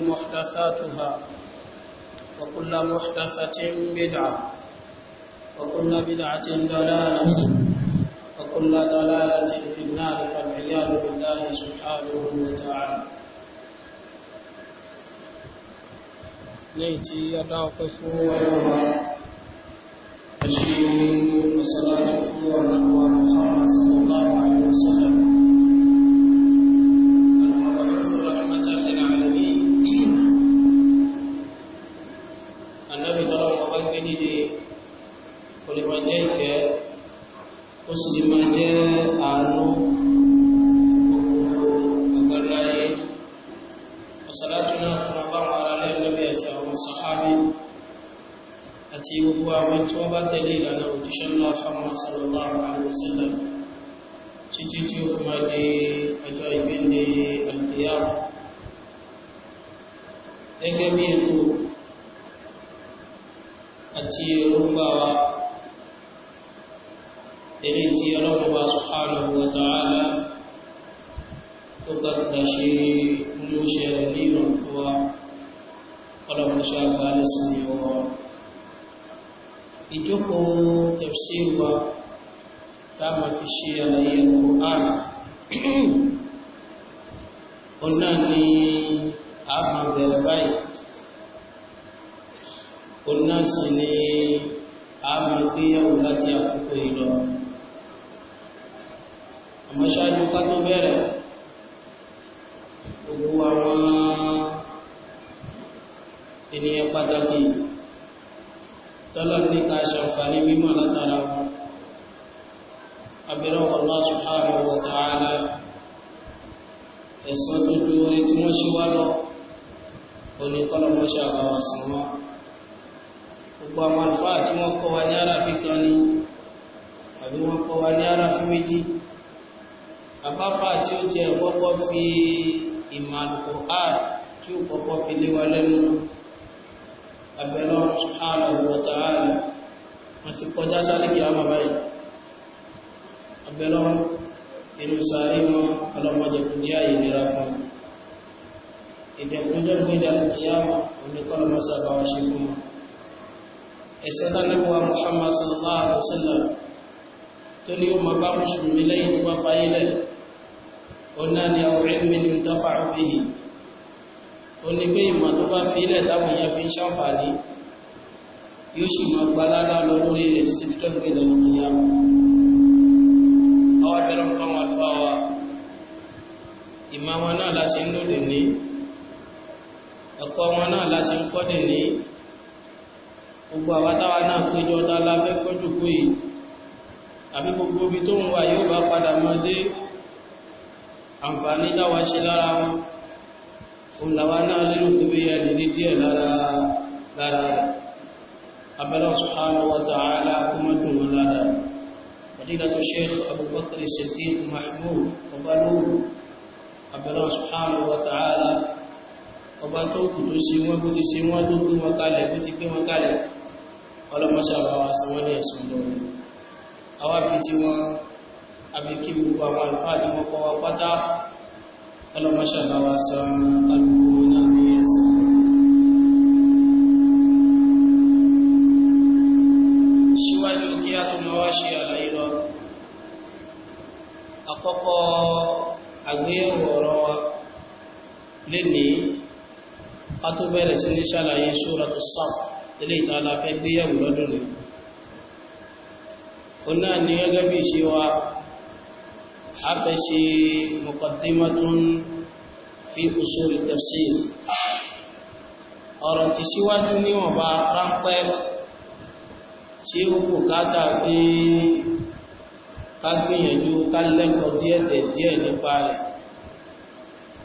محدثاتها وكل محدثة بدعة وكل بدعة ضلالة وكل ضلالة في النار فالعياذ بالله سبحانه وتعالى نيتي tí a dá ọpẹ́ fún ọlọ́wà ẹ̀ṣẹ́ ti bẹ̀rẹ̀ báyìí oná sì ni a máa gbéyàwó láti àkókò yìí lọ àmọ́ ṣáájú ká tó bẹ̀rẹ̀ gbogbo àwọn ènìyàn pàtàkì tọ́lọ̀ ní ká ṣàǹfààní mímọ̀ látara wọn abẹ́rẹ́ Allah subhanahu wa ta'ala ẹ̀sán tó dúró tí wọ́n ṣe wá lọ́wọ́ òní kọ́lọ̀mọ́ṣà àbáwà sí wọn gbogbo àwọn àlùfáà tí wọ́n kọ́ wa ní aráfi kan ní àbí wọ́n kọ́ wa ní aráfi méjì àbáfà tí ó jẹ́ kọ́kọ́ fi ìmọ̀ Al-Qur'an tí ó kọ́kọ́ fi lé wa lẹ́nu abẹ́lọ́ subhanahu wa ta'ala wọ́n ti kọjá sáré kí wọn ọlọ́mọdé kò jẹ́ àyè nira fún un ìdẹ̀kùnjọ́ gbẹ́dà ìyáwó oníkọlọmọ sàbáwá ṣe fún wọn ẹ̀sẹ̀ tánàbíwá Muhammad sallallahu alaihi wasallam tó ní ọmọ bá mùsùlùmí lẹ́yìn tó bá fayílẹ̀ onáni bihi ó ní pé ìmọ̀ tó bá fi ilẹ̀ táwọn èèyàn fi ń ṣàǹfààní yóò sì máa gba lálá lọ lórí rẹ̀ títí tó wọn náà láti ń lòdì ní ẹ̀kọ́ wọn náà láti ń kọ́dẹ̀ ní gbogbo àwátáwà náà péjọ tá láfẹ́ kọjú kó yìí àbí gbogbo ibi tó ń wà yóò bá padà mọ́ dé àǹfààní táwa ṣe lára wọn òun làwa náà lérò pé bí ẹni ní díẹ̀ lára rẹ̀ abẹ́lẹ́ subhanahu wa ta'ala kó wọn lára fadilatu sheikh abubakar siddiq mahmoud ọbalóòrù abẹ́lẹ́ subhanahu wa ta'ala ọba tó kù tó ṣe wọ́n bó ti ṣe wọ́n ló gbé wọn kalẹ̀ bó ti gbé wọn kalẹ̀ ọlọ́mọṣà bá wa sọ wọ́n ní ẹ̀sùn lọ́rọ̀ àwa fi tí wọ́n abẹ́kí gbogbo àwọn àlùfáà tí wọ́n wa pátá ní tó bẹ̀rẹ̀ sí ní ṣàlàyé ṣúratu Saff ilé ìtàlá fẹ́ gbéyàwó lọ́dún ni ó náà ní gẹ́gẹ́ bí ṣe wa a fẹ́ ṣe muqaddimatun fi usul tafsir ọ̀rọ̀ ti síwájú níwọ̀nba ráńpẹ́ tí ó kò káta pé ká gbìyànjú ká lẹ́kọ̀ọ́ díẹ̀dẹ̀ nípa rẹ̀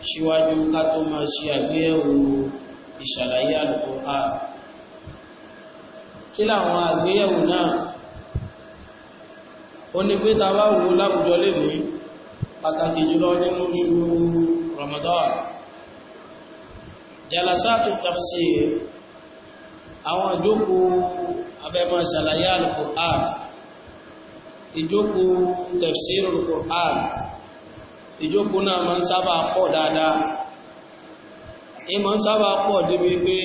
síwájú ká tó máa ṣe àgbéyẹ̀wò Al-Qur'an kí làwọn àgbéyẹ̀wò náà ó ní pé tàbá wo láwùjọ lè ní pàtàkì jùlọ nínú oṣù Ramadan jalasatu tafsir àwọn ìjókòó abẹ́mọ̀ ṣàlàyé Al-Qur'an ìjókòó tafsir Al-Qur'an ìjókòó náà máa ń sábà pọ̀ dáadáa ìmọ̀ ń sábà pọ̀ débi pé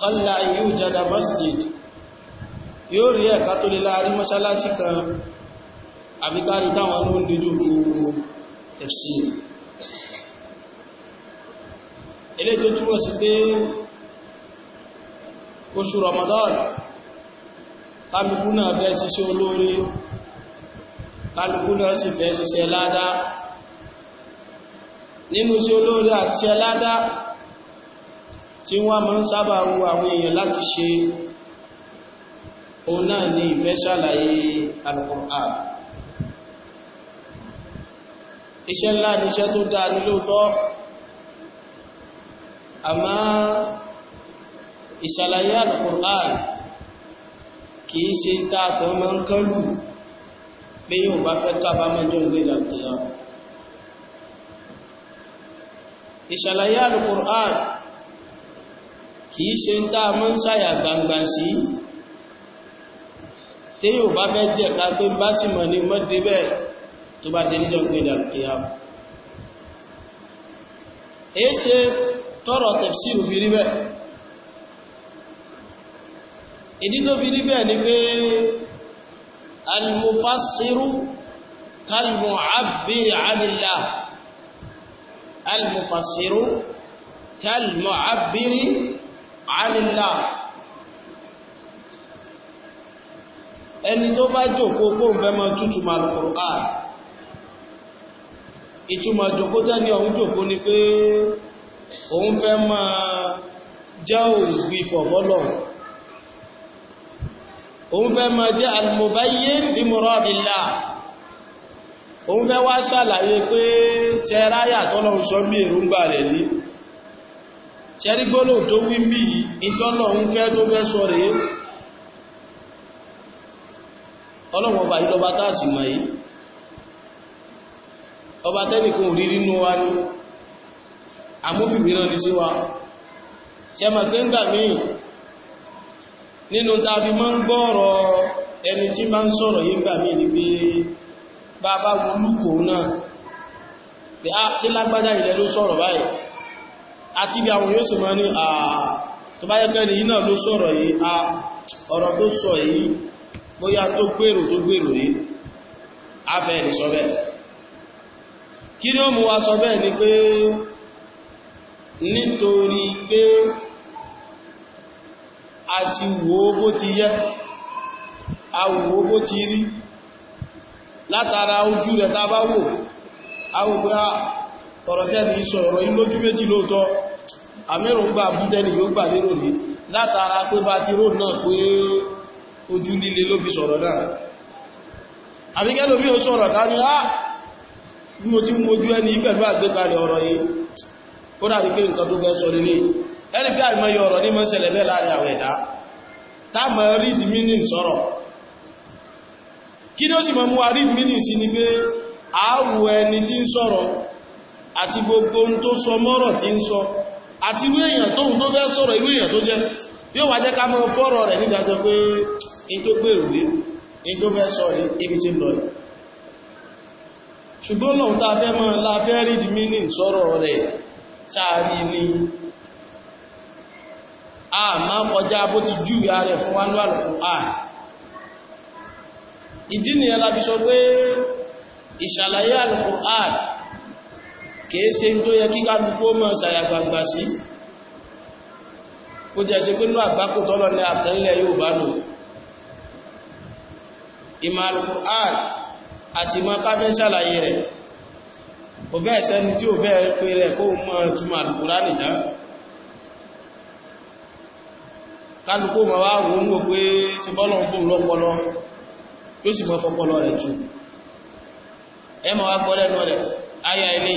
kọ́lá yíò jada masjid yóò rí ẹ̀ka tó lè láàrin mọ́sálásí kan àbíkárí táwọn ló ń dojú gbogbo tafsir ilé tó túnmọ̀ sí pé oṣù Ramadan kálukú náà ṣiṣẹ́ olóore kálukú sì fẹ́ ṣiṣẹ́ ládá nínú sí olóore àti ṣẹ́ ládá tí wọ́n máa ń sábà wo àwọn èèyàn láti ṣe òun náà ni ìfẹ́ ṣàlàyé Al-Qur'an iṣẹ́ ńlá ni iṣẹ́ tó dáa ní lóòtọ́ àmá ìṣàlàyé al kìí ṣe dáàtọ̀ máa ń kọlù pé yóò bá fẹ́ kábà mẹ́jọ ìgbé ìlànà ìṣàlàyé al kìí ṣe ń tá a mọ́ ń ṣàyà gbangba sí téyò bá fẹ́ jẹ́ ká pé bá sì mọ̀ ní mọ́dé bẹ́ẹ̀ tó bá dé níjọ́ pé dàrúkìá èé ṣe tọrọ tẹ̀sí òfin rí bẹ́ẹ̀ ìdí tó fi rí bẹ́ẹ̀ ni pé almufassiru kalmu'abbiri anillah almufassiru kalmu'abbiri àánilá ẹni tó bá jòkó kóhùn fẹ́ mọ́ tútù ma Al-Qur'an ìtumọ̀ jòkó tẹ́ni ọ̀hún jòkó ni pé òun fẹ́ mọ́ jẹ́ òògbì fọ̀fọ́lọ̀ òun fẹ́ mọ́ jẹ́ al-mubayyin bi muradillah òun fẹ́ wá ṣàlàyé pé tẹ́ráyà tọ́lọ́ ṣẹ́rí gbọ́lò tó wí bí ìtọ́lọ̀ ń fẹ́ tó fẹ́ sọ rèé ọlọ́wọ̀n ọba ìlọba táàsì mọ̀ yìí ọba tẹ́nìkan ò rí nínú wa ní àmúfìmíràn ní sí wa ṣe mọ̀ pé ń gbà míì nínú tàbí mọ́ ń gbọ́ọ̀rọ̀ ẹni tí máa ń sọ̀rọ̀ yìí gbà míì ní pé bàbá wọlúkòó náà pé á ah, sí lágbádá ilẹ̀ ló sọ̀rọ̀ báyìí àti bí àwọn yóò sì máa ní àà tó bá yẹ́kẹ́ ní iná ló sọ̀rọ̀ yìí a ọ̀rọ̀ tó sọ yìí bóyá tó gbèrò tó gbèrò yìí a fẹ́ ní sọ bẹ́ẹ̀ kí ni ó mú wa sọ bẹ́ẹ̀ ni pé nítorí pé a ti wò bó ti yẹ a wò ó bó ti rí látara ojú rẹ̀ tá bá wò a wò pé ọ̀rọ̀ tẹ́lẹ̀ sọ̀rọ̀ yìí lójú méjì lóòótọ́ àmẹ́rùngbà bútẹ́lì yóò gbà lérò ní látara pé bá ti rò náà pé ojú líle ló fi sọ̀rọ̀ náà àbíkẹ́lò bí ó sọ̀rọ̀ ká ní á ah, bí mo ti mojú ẹni pẹ̀lú àgbékalẹ̀ ọ̀rọ̀ yìí ó dàbí pé nǹkan tó fẹ́ sọ nílé ẹni pé àìmọye ọ̀rọ̀ ní mọ́ bẹ́ẹ̀ láàrin àwọn ẹ̀dá táàmà read meaning sọ̀rọ̀ kí ní ó sì mọ̀ mú wa read meaning sí ni pé àáwù ẹni tí ń sọ̀rọ̀ àti gbogbo ohun tó sọ mọ́rọ̀ tí ń sọ àti ìwé èèyàn tóhun tó fẹ́ sọ̀rọ̀ ìwé èèyàn tó jẹ́ yóò wá jẹ́ ká mọ́ fọ́rọ̀ rẹ̀ nígbàjọ pé in tó gbèrò rí in tó fẹ́ sọ rí ibi tí ń lọ rí ṣùgbọ́n lọ́n tá fẹ́ mọ́ láfẹ́ rí di mínìn rẹ̀ sáàrí ní a má kọjá bó ti júwe ààrẹ fún wa níwà lọ́kùn a ìdí nìyẹn la fi sọ pé ìṣàlàyé Al-Qur'an kìí ṣe tó yẹ kí kálukú ó mọ̀ ṣàyàgbàgbà sí ó jẹ́ ṣe pé ní àgbákò tọ́lọ̀ ní àtẹ́lẹ̀ yóò bá nù ìmọ̀ Al-Qur'an àti ìmọ̀ káfẹ́ ṣàlàyé rẹ̀ kò bẹ́ẹ̀ sẹ́ni tí ò bẹ́ẹ̀ pé rẹ̀ kó mọ̀ túnmọ̀ Al-Qur'an nìjá kálukú wá rùn ún pé ti bọ́lọ̀ fún lọ́pọlọ yóò sì mọ́ fọ́pọlọ rẹ̀ jù ẹ ma wá gbọ́lẹ̀ rẹ̀ ayà ilé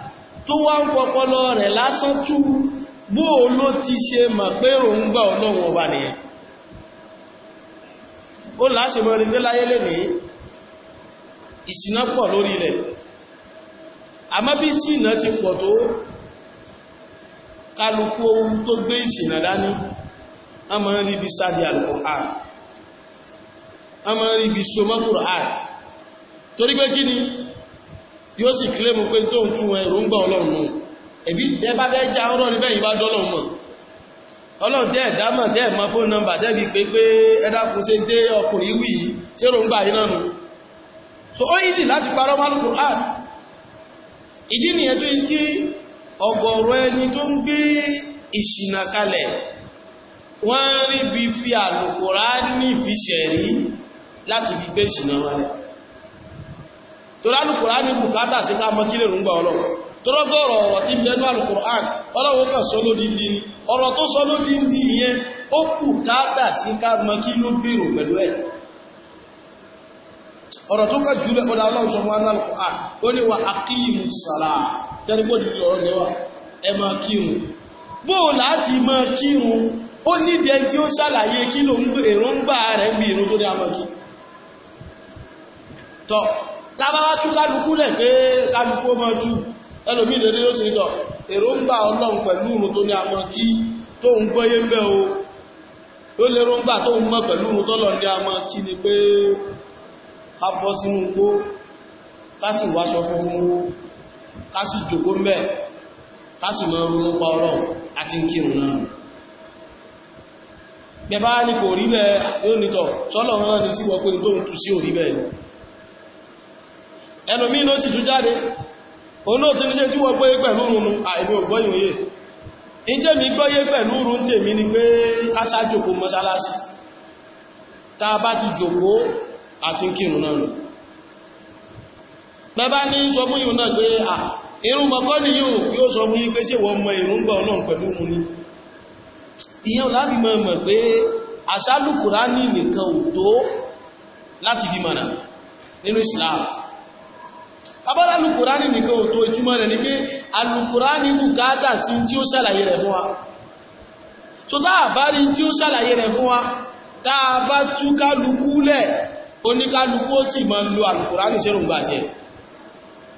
tó wá ń fọpọlọ rẹ̀ lásán tú bó o ló ti ṣe mọ̀ pé òun gbà ọlọ́run ọba nìyẹn ó láṣẹ mọ́ ní pé láyé lẹ́ni ìṣìnà pọ̀ lórí rẹ̀ àmọ́ bí ìṣìnà ti pọ̀ tó kálukú ohun tó gbé ìṣìnà dání a máa ń sáàdì al a máa ń ríbi somọ́kùrọ̀ ààrẹ torí pé kí ni yóò sì kílẹ̀mù pé tó ń tún ẹ̀rùngbà ọlọ́run ẹ̀bí ẹbá bẹ́ já ụrọ níbẹ̀ yìí bá dọ́lọ̀ mọ̀ ọlọ́run tẹ́ ẹ̀dámọ̀ tẹ́ ẹ̀mọ́ fóònù nọ́mbà tẹ́bí pé pé ẹ̀dàkùn ṣe dé ọkùnrin wì yìí ṣé ròǹgbà yìí náà so torí alùkùránì bùkátà sí ká mọ́ kílè rúngbà ọlọ́run tọ́rọgọ́rọ̀ ọ̀rọ̀ tí bẹnu alùkùránì ọlọ́wọ́ kan sọ ló dìndì ọ̀rọ̀ tó sọ ló dìndì ìyẹn ó bùkátà sí ká mọ́ kí ló gbèrò pẹ̀lú ẹ̀ ọ̀rọ̀ tó kà jùlọ ọ̀dà wa di ọ̀rọ̀ lẹ́wà ẹ máa kírun tábáwá tú kálukú lẹ̀ pé kálukú ó máa tú ẹlòmí ìlérí ó sì ń tọ̀ èròǹgbà ọlọ́run pẹ̀lú òun tó ní amọ̀ kí tó ń gbọ́yé ń bẹ́ o ó lè róǹgbà tó ń mọ́ pẹ̀lú òun tó lọ ní amọ̀ ni pé ká bọ́ sínú igbó ká sì wáṣọ funfun ká sì ẹlòmí ló sì tún jáde olóòtú ní ṣe tí wọ́n gbóyé pẹ̀lú rúnmú àìbí ògbóyìn òye ìjẹ́ mi gbóyé pẹ̀lú rún tèmi ni pé aṣájòkó mọ́ṣálásí ta bá ti jòkó àti kírun náà lò bẹ́bá ní sọ fún yìí náà pé à irun mọ̀kọ́ ni yóò yóò sọ fún yìí pé ṣe wọ́n mọ láti bí mọ̀nà nínú Islam abọ́lá alùkùránì nìkan ò tó ìtumọ̀ rẹ̀ ní pé alùkùránì bùkátà sí tí ó ṣàlàyé rẹ̀ fún wa tó dáa bá rí tí ó ṣàlàyé rẹ̀ fún wa dáa bá tú kálukú lẹ̀ oníkálukú ó sì máa ń lo alùkùránì sẹ́rùngbà jẹ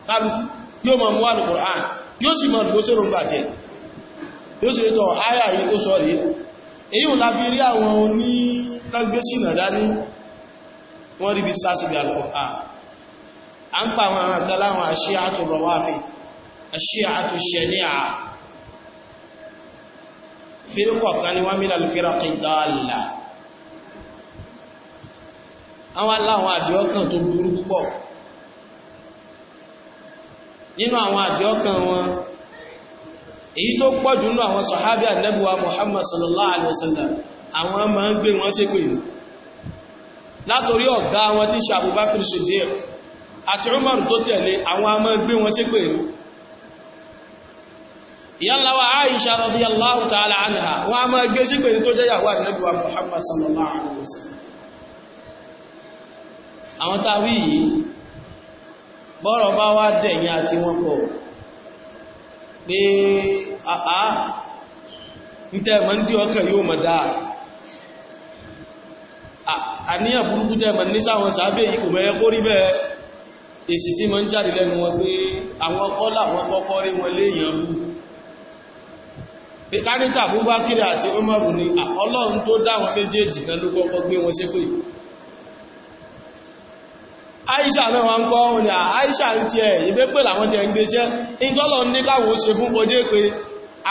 kálukú yóò máa mú alùkùránì yóò sì máa lo rí àwọn oní bí alùkùránì a a pa àwọn kan láwọn aṣíàtù rọwáfì aṣíàtù ṣẹ̀níà fírkọ̀kan ni wọ́n mílẹ̀ fírọ̀kì dáàlá àwọn aláwọn àdíọ́kàn tó burú púpọ̀ nínú àwọn àdíọ́kàn wọn èyí tó pọ̀jù nínú àwọn sahabi àdẹ́bùwa Muhammad sallallahu alaihi wasallam àwọn máa ń won wọn ṣépè látorí ọ̀gá wọn ti ṣe Abubakar Siddiq àti Umar tó tẹ̀lé àwọn a máa wọn sí pé ìyánláwà ta'ala a máa gbé sí pé ní tó jẹ́ yàwó àdínẹ́bíwá Muhammad sallallahu alaihi wasallam àwọn táwí yìí bọ́rọ̀ bá wá dẹ̀yìn àti wọn pọ̀ pé àá ń tẹ́ẹ̀mọ́ ń dí ọkàn mọ̀ ní sáwọn sàábẹ̀ èsì tí mọ́ ń jáde lẹ́nu wọn pé àwọn kọ́lá wọn kọ́kọ́ rí wọn léèyàn rú káníkà Abubakar àti Umaru ni Ọlọ́run tó dáwọn méjèèjì kan ló kọ́kọ́ gbé wọn ṣépè Aisha náà wọ́n kọ́ òní Aisha ń tiẹ̀ ìgbé pè làwọn ti ẹ̀ ń gbéṣẹ́ ìjọ́lọ ní káwọn ṣe fún kọjé pé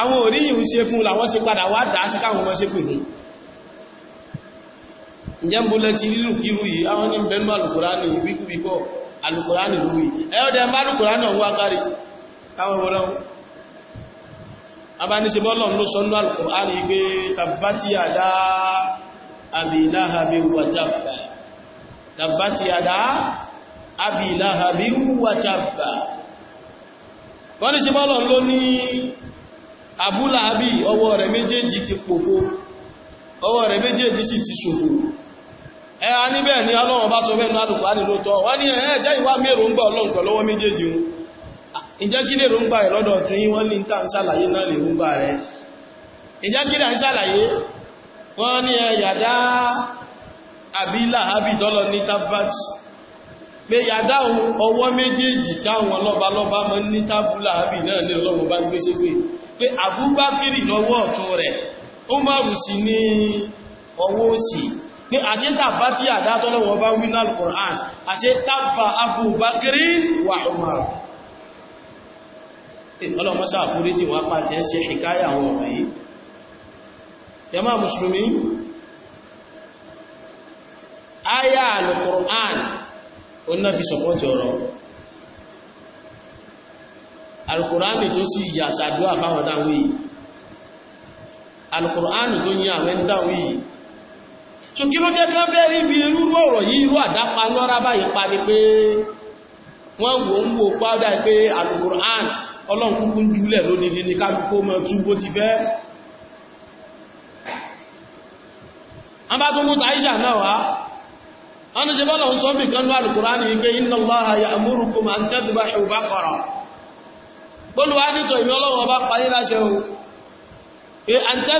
àwọn oríyìn ṣe fún làwọn ti padà wá dáa sí káwọn wọ́n ṣe pè ní ìjẹ́mbólẹ́ ti rírù kírù yìí àwọn ní bẹ́ńbà lùkúrá ní ìbíkúbíkọ́ alùkùránì lórí ẹ̀ọ́dẹ̀ bá alùkùránì ọ̀wọ́ akárí káwọn ọ̀rọ̀ abániṣebọ́lọ̀ ló sọ́nú alùkùránì gbé tàbátí àdá àbìláhàbí wàjábà tàbátí àdá àbìláhàbí wàjábà wọ́n ṣe bọ́lọ̀ ló ní abúláhàbí ọwọ́ rẹ̀ méjèèjì ti pòfo ọwọ́ rẹ̀ méjèèjì sì ti ṣòfò ẹ̀yà níbẹ̀ ni Ọlọ́run bá sọ bẹ́nu alùkùránì lóòtọ́ wọ́n ni ẹ̀ẹ́ jẹ́ ìwà mẹ́rọ ń gbà ọlọ́ǹkọ̀ lọ́wọ́ méjèèjì wọn ìjẹ́ kí lè rúngbà ẹ̀ lọ́dọ̀ tí wọ́n ní ta ń náà lè rúngbà rẹ̀ ìjẹ́ kí lè wọ́n ẹ yàdá àbílà àbìdọ́lọ ní tabbat pé yàdá ọwọ́ méjèèjì táwọn lọ́ba mọ́ ní tábùlà àbì náà ní ọlọ́run bá ń pé àṣẹ tàbá tí àdátọ́lọ́wọ́ bá wí náà Al-Qur'an àṣẹ tàbá Abu Bakri wà Umar ọlọ́mọ́sá àfúrí tí wọ́n pàtẹ́ ṣe ìkáyà àwọn ọmọ yìí yàmá Al-Qur'an ó náà Al-Qur'an tó sì yà sàdúrà fáwọn Al-Qur'an tó yí dáwí so kí ló jẹ́ kán fẹ́ rí bí irú ọ̀rọ̀ yìí irú àdápa lọ́ra báyìí pa ni pé wọ́n wò ń wò pàdà pé Al-Qur'an ọlọ́run kúkú ń júlẹ̀ lónìí ní tún bó ti fẹ́ a bá tún náà wá ni ṣe bọ́lọ̀ ń kan lọ́ Al-Qur'an ní pé inna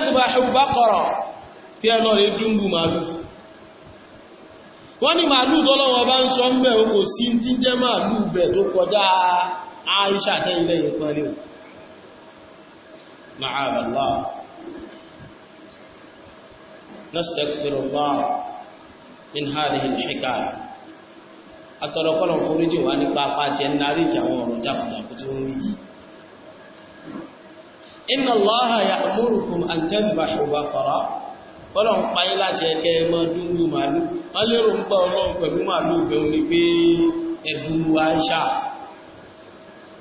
ma kí ẹ lọ́rẹ̀ dúngbù màálù wọ́n ní màálù tọ́lọ́wọ́ bá ń sọ ń bẹ̀ kò sí tí jẹ́ màálù bẹ̀ tó kọjá Aisha tẹ́ilẹ̀ ìpínlẹ̀ foríjì wá nípa apájẹ́ ń darí ìjà àwọn ọ̀rọ̀ jákùjákù tí wọ́n yìí inna Allaha ya'murukum an tadhbahu baqara bọ́lọ̀ ń payé láṣẹ ẹkẹ ẹmọ dúnú màálù wọ́n lérò ń gbọ́ ọlọ́run pẹ̀lú màálù ìbẹ̀rún ni pé ẹ̀dùn àìṣà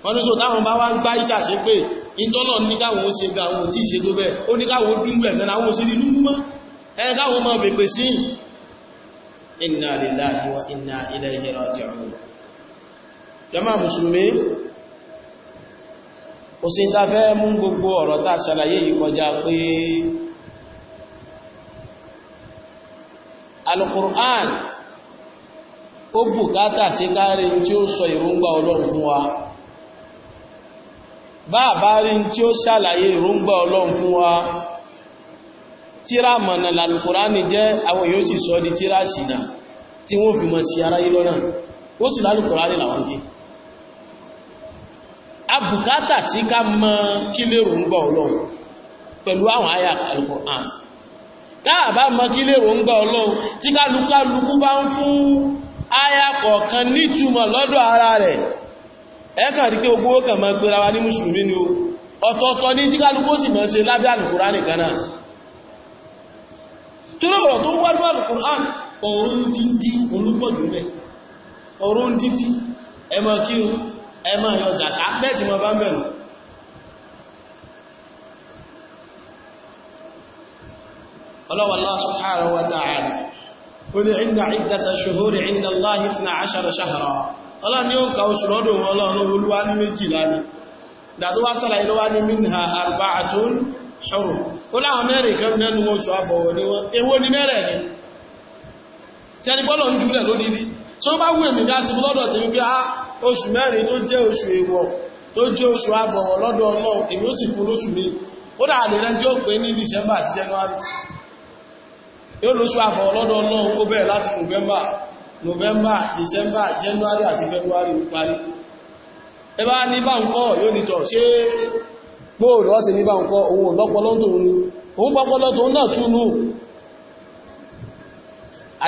wọ́n ní sọ táwọn bá wá ń gbá ìṣà ṣe pé ìtọ́lọ̀ ní káwọn ó ṣe ga inna lillahi wa inna ilayhi raji'un jàmá mùsùlùmí ó sì ń ta fẹ́ mú gbogbo alukur'an ó bùkátà sí kárí tí ó sọ ìrúngbà ọlọ́run fún wa báàbá rí tí ó ṣàlàyé ìrúngbà ọlọ́run fún wa tíra mọ̀nà jẹ́ àwọn yóò sì sọ di tíra ṣìnà tí wọ́n fi mọ̀ sí aráyé lọ́nà ó sì lálùkùránì làwọn kí a bùkátà sí ká mọ̀ kí lérùngbà ọlọ́run pẹ̀lú àwọn àyà alùkùránì táàbá mọ́kílé wọ́n gbá ọlọ́run tí kálukálukú bá ń fún áyà kọ̀ọ̀kan nítumọ̀ lọ́dọ̀ ara rẹ̀ ẹ̀kàn rí pé ogbówó kàn máa pèrà wa ní mùsùlùmí ni ọ̀tọ̀ọ̀tọ̀ ní tí kálukú sì máa ṣe lábẹ́ Al-Kùránì ọlọ́wọ́ Allah subhanahu wa ta'ala ó ní inna iddata inda Allahi ithna ashara shahra ọlọ́run ni ó ka oṣù lọ́dọ̀ ọlọ́run olúwa ní méjìlá ni dàtó wá sára ilé wá ní minha arba'atun hurum ó láwọn mẹ́rin kan nẹ́nu oṣù àbọ̀wọ̀ ni ó tí ó pè ní December àti January yóò lóṣù àfọ̀ ọlọ́dọ̀ ọlọ́run ó bẹ̀rẹ̀ láti november november december january àti february ó parí ẹbá ní bá yóò nìtọ̀ ṣe gbóòrò ọ́sẹ̀ ní bá ohun tó ní ohun pọ̀pọ̀lọ́ tó náà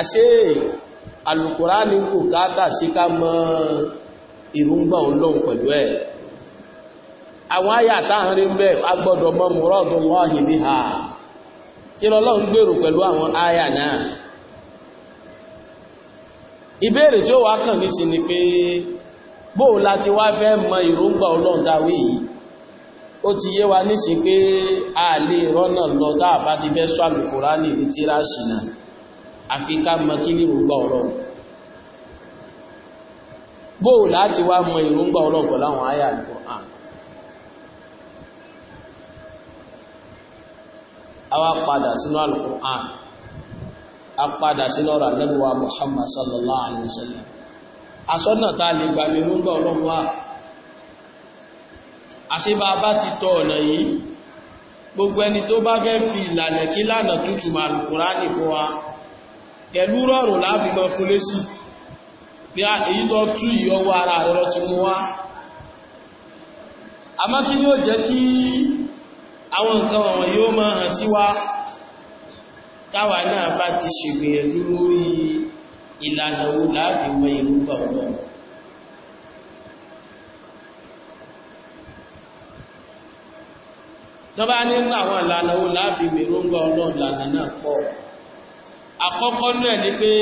àṣẹ alùkùrá ní kò káàkà sí ká mọ́ ìrúngbà ọlọ́run pẹ̀lú ẹ̀ àwọn àyà ha kí lọ́lọ́run gbèrò pẹ̀lú àwọn àyà náà ìbéèrè tí ó wá kàn ní sí ni pé bóò láti wá fẹ́ mọ ìróngbà ọlọ́run dáwé yìí ó ti yé wa ní sí pé a lè rọ́nà lọ dáàbá ti fẹ́ sọ àlùkùránì ní tíráṣì náà àfi ká mọ kí ní ìróngbà ọlọ́run bóò láti wá mọ ìróngbà ọlọ́run pẹ̀lú àwọn àyà àlùkùránì àwa padà sínú alukur'an a padà sínú ọ̀rọ̀ anábíwá muhammad sallallahu alayhi asọ́nà a lè gbà mí ló ọlọ́run wá àṣíbà bá ti tọ ọ̀nà yìí gbogbo ẹni tó bá fẹ́ fi ìlànà kí lánà ma lùkùránì fún wa pẹ̀lú rọrùn láàfin mọ́ fún lésì bí a èyí tó tú ìyọwọ́ ara ti mú àwọn nǹkan wọ̀n yóò máa hàn sí wa táwa náà bá ti ṣègbìyànjú lórí ìlànà wo láàbí mọ ìrúgbà ọ̀nà tọ́bá nínú àwọn ìlànà wo láàbí ìrúgbà ọ̀nà ìlànà náà pọ̀ àkọ́kọ́ náà ni pé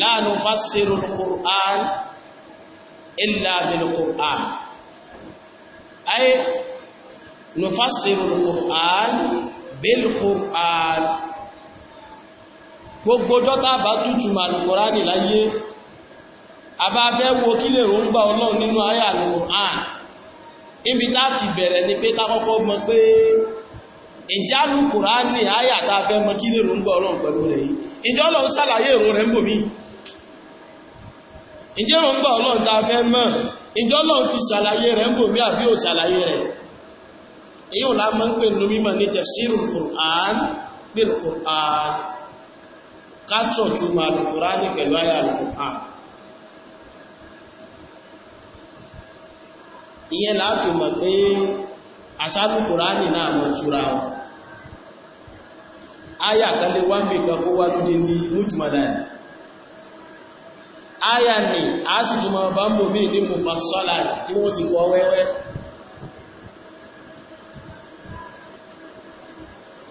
la nufassiru al-Qur'an illa bil-Qur'an ayé nufassirul Qur'an bil Qur'an gbogbo dọ́ta bá tútù mà Al-Qur'ani láyé abáfẹ́ wo kí lè rọ́ngbà ọlọ́run nínú ayé Al-Qur'an ibi láti bẹ̀rẹ̀ ni pé kákọ́kọ́ mọ pé ìjálù Kùránì àyà tá a fẹ́ mọ kí lè rọ́ngbà ọlọ́run pẹ̀lú rẹ̀ yìí ìjọ ọlọ́run ṣàlàyé èrò rẹ̀ ń bò mí ìjẹ́ rọ́ngbà ọlọ́run tá èyí ò lámọ́ ń pè ní mímọ̀ ní tafsirul Qur'an bil Qur'an kátọ̀ túnmọ̀ al-Qur'an pẹ̀lú àyà al-Qur'an ìyẹn láàfin mọ̀ pé àṣálù Kùránì na mọ̀ túra wọn áyà kan lè wọ́n bí kan kó wá lójí a su túnmọ̀ bambo ń bò ní ìdí mú wọ́n ti kọ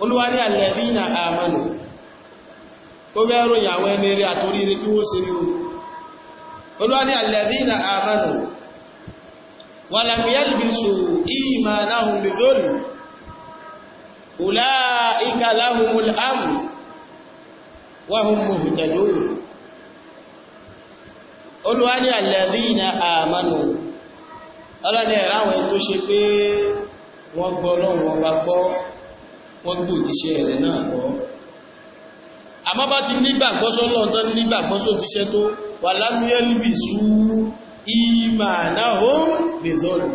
olúwarí alladhina amanu ó bẹ́ ròyìn àwọn ẹni rí àtorí rí tí wọ́n ṣe rí olúwarí alladhina amanu walam yalbisu imanahum bidhulm ulaika lahumul amn wa hum muhtadun olúwarí tó ṣe pé wọ́n gbọ́ lọ́wọ́ wọn bá gbọ́ wọ́n gbò jíṣẹ́ rẹ̀ náà lọ àmọ́ bá ti nígbàgbọ́ s'Ọlọ́run tán nígbàgbọ́ sójíṣẹ́ tó wà lámúyẹ́lìbì sú ìmà náà ó bèzọ́rù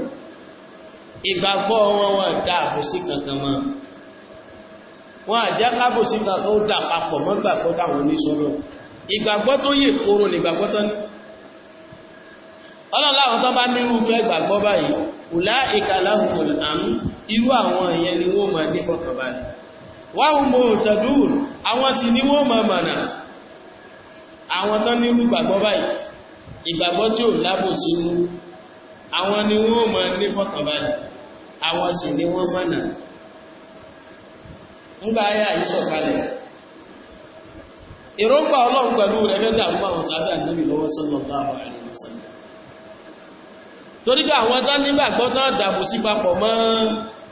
ìgbàgbọ́ wọn wọn dá àbòsí kankan mọ́ wọn àjẹ́ kábòsí kankan ó dà papọ̀ mọ́ gbàgbọ́ táwọn oníṣọ́lọ́ ìgbàgbọ́ tó yè kóró nígbàgbọ́ tán ní ọlọ́láwọn tán bá nírúfẹ́ irú àwọn èèyàn ni wọ́n máa ní fọkànbalẹ̀ wáhùn mo tẹ̀dúrù àwọn sì ni wọ́n máa mọ̀nà àwọn tán nírú gbàgbọ́ báyìí ìgbàgbọ́ tí ò lábò sínú àwọn ni wọ́n máa ní fọkànbalẹ̀ àwọn sì ni wọ́n mọ̀nà ńgbà ayé àìsọ̀kalẹ̀ ìrọ́gbà ọlọ́run pẹ̀lú rẹ̀ fẹ́ dàmú àwọn sáájà níbi lọ́wọ́ sallallahu torí pé àwọn tán nígbàgbọ́ tán dàbò sí papọ̀ mọ́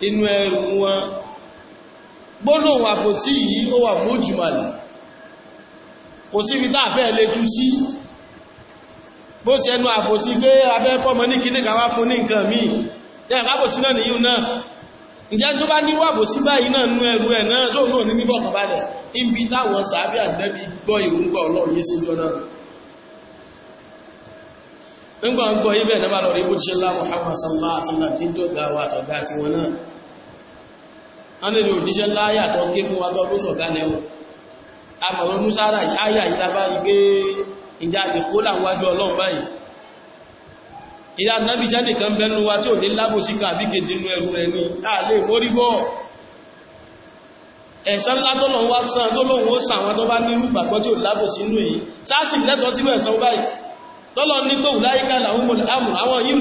inú ẹrù wọn gbónà wà kò sí yìí ó wà mójúmọ̀lì kò sí ibi táàfẹ́ lè tú sí bó ṣe ẹnu àfòsí pé abẹ́ fọ́mọ ní kí nígbà wá fún ní nǹkan míì yẹn àbòsí náà nìyí náà ìjẹ́ tó bá níwà àbòsí báyìí náà nú ẹrù ẹ̀ náà sóòrùn ní bíbọ̀ kọ̀bálẹ̀ ibi táwọn sàábì àdẹ́bí gbọ́ ìrúgbọ́ ọlọ́run yé sí jọ náà nígbà ń gbọ́ ibẹ̀ náà bá lọ rí bó ṣe lá Muhammad sallallahu alaihi wasallam tí tó gba wa àtọ̀gá àti wọn náà wọ́n lè ní òjíṣẹ́ láyà tó gé fún wa lọ́gbó sọ̀gá lẹ́wọ̀ àmọ̀rún músára àyà ìlàbá rí pé ìjà àti kó láwájú ọlọ́run báyìí ìyá náàbí jẹ́ nìkan bẹnu wa tí ò ní lábò sí ká àbíkè dínú ẹrù rẹ̀ ní ààlè mórí bọ́ ẹ̀san ńlá tó lọ wá sàn tó lóun ó tó bá ní ìrúgbàgbọ́ tí ò lábò sínú yìí sáà sì lẹ́tọ̀ọ́ síbẹ̀ báyìí tọ́lọ ní pé ìláyíká làwọn àmù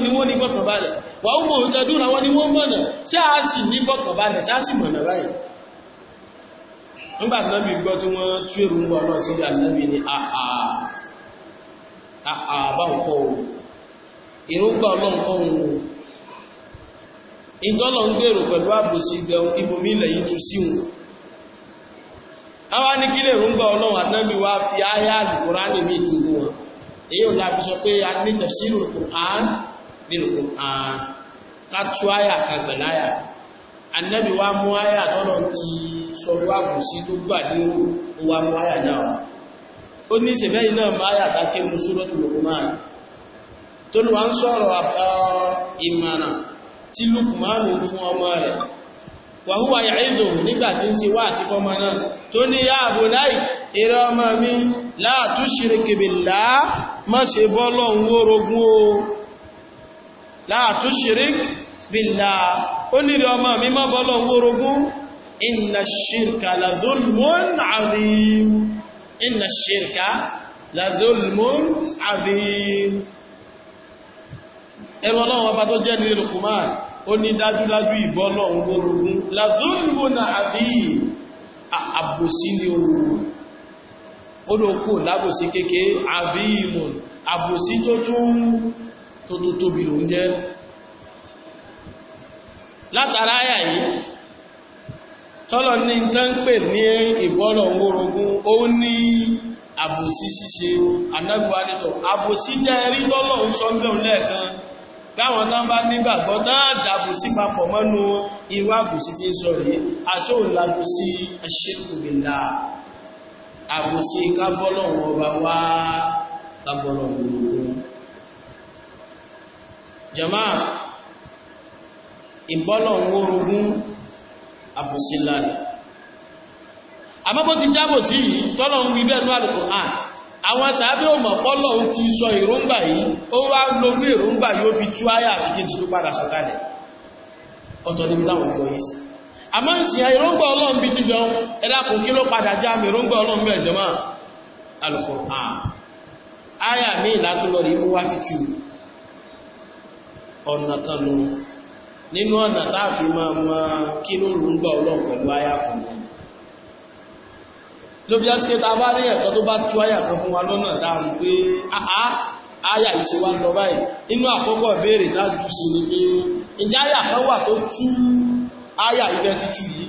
ni wọ́n ní gbọ́kànbalẹ̀ wà ó mọ̀ ìtẹ́dún àwọn ni tí a sì ní gbọ́kànbalẹ̀ tí a sì mọ̀nà báyìí nígbàtí náà bí gbọ́ tí ìtọ́lọ̀ ń gbèrò pẹ̀lú àbòsí yìí sí wọn ní èyí ò láti sọ pé a ní tafsirul Qur'an bil Qur'an ká tú àyà kan pẹ̀láyà wa mú àyà tọ́nà ti sọ wá kù sí tó gbà lérò ó wá mú àyà náà ó ní ìṣẹ̀fẹ́ iná máa yà tákẹ́ mú súrọ́tù Luqman tó lù wàhúwà yàízò nígbà tí ń ṣe wá sí fọ́mọ náà tó ní yá àbò láì eré ọmọ mi láàtú ṣiriki billah má ṣe bọ́ lọ́hun wórogún o láàtú ṣiriki billah ó ní rí ọmọ mi má bọ́ lọ́hun ẹ̀rọ ọlọ́run ọba tó jẹ́ nílùkùnmáà ó ní dájúdájú ìbọn náà ń lórogún làzúrùwò na àbí àbòsí ní orogún ó lábòsí kéèké àbí ìmọ̀ àbòsí tó tó tóbi ló ń jẹ́ látara àyà yìí tọ́lọ ní tán pè ní ìbọ́nà ó ní àbòsí káwọn náà bá nígbàgbọ́ dáadáàbò sí papọ̀ mọ́nú irú àbòsí tí ń sọ rí aṣó ìlàbò sí aṣẹ́kùnrinlá àbòsí kábọ́lọ̀wọ̀ ọba wá kábọ́lọ̀wọ̀ ogun jama ìbọ́lọ̀wọ̀ ogun àbòsí lánàá àwọn sàábé ọmọ mọ̀ pọ́lọ̀ ó ti sọ èròǹgbà yìí ó wá lórí èròǹgbà yóò fi tú áyà àti kejì tó padà sọ̀kalẹ̀ ọ̀tọ̀ níbi láwọn ọgbọ̀ yìí a máa ń sin èròǹgbà ọlọ́run bí ti bẹ̀ padà já mi èròǹgbà ọlọ́run ìlàtúlọ̀ rí fi tú ọ̀nà kan nínú ọ̀nà máa ló bí ẹ́sìké ta bá tó bá tú àyà kan wa lọ́nà dáhùn pé àyà ìṣèwà lọ báyìí inú àkọ́kọ́ béèrè dájú sí ni pé ǹjẹ́ kan wà tó tú àyà ilẹ̀ títú yìí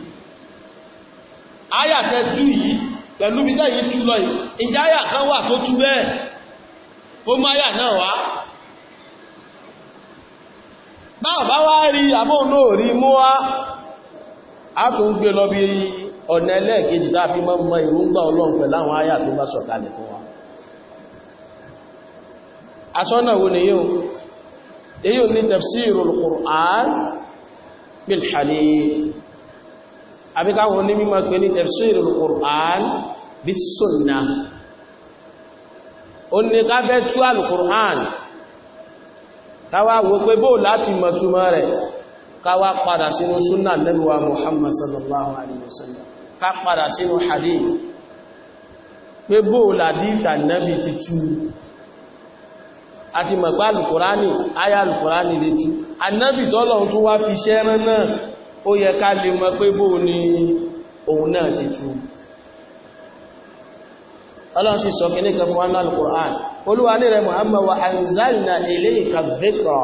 àyà tú yìí pẹ̀lú bí tú lọ kan wà tó tú bẹ́ẹ̀ ó àyà náà wá rí ọ̀nà ẹlẹ́ẹ̀kejì tá fi mọ́ ìrúngbà ọlọ́run pẹ̀lú àwọn àyà tó bá sọ̀kalẹ̀ fún wa asọ́nà wo ni yíò èyí ní tafsirul Qur'an bil hadith àbíkáwọn ní mímọ̀ pé ní tafsirul Qur'an bis sunnah ó ní ká fẹ́ tú al-Qur'an káwà padà sínú súnnà lẹ́gbẹ̀wà Muhammad sallallahu alaihi wasallam ká padà sínú hadith pé bó hadith ànábì ti tú àti mọ̀gbá alùkùránì ayá alùkùránì létí ànábì tọ́lọ̀ tún wá fi ṣẹ́rán náà ó yẹ ká lè mọ̀ pé bó ní òun náà ti tú ọlọ́run sọ kìnnìkan fún wọn olúwa ní rẹ̀ Muhammad wa na ilayka dhikra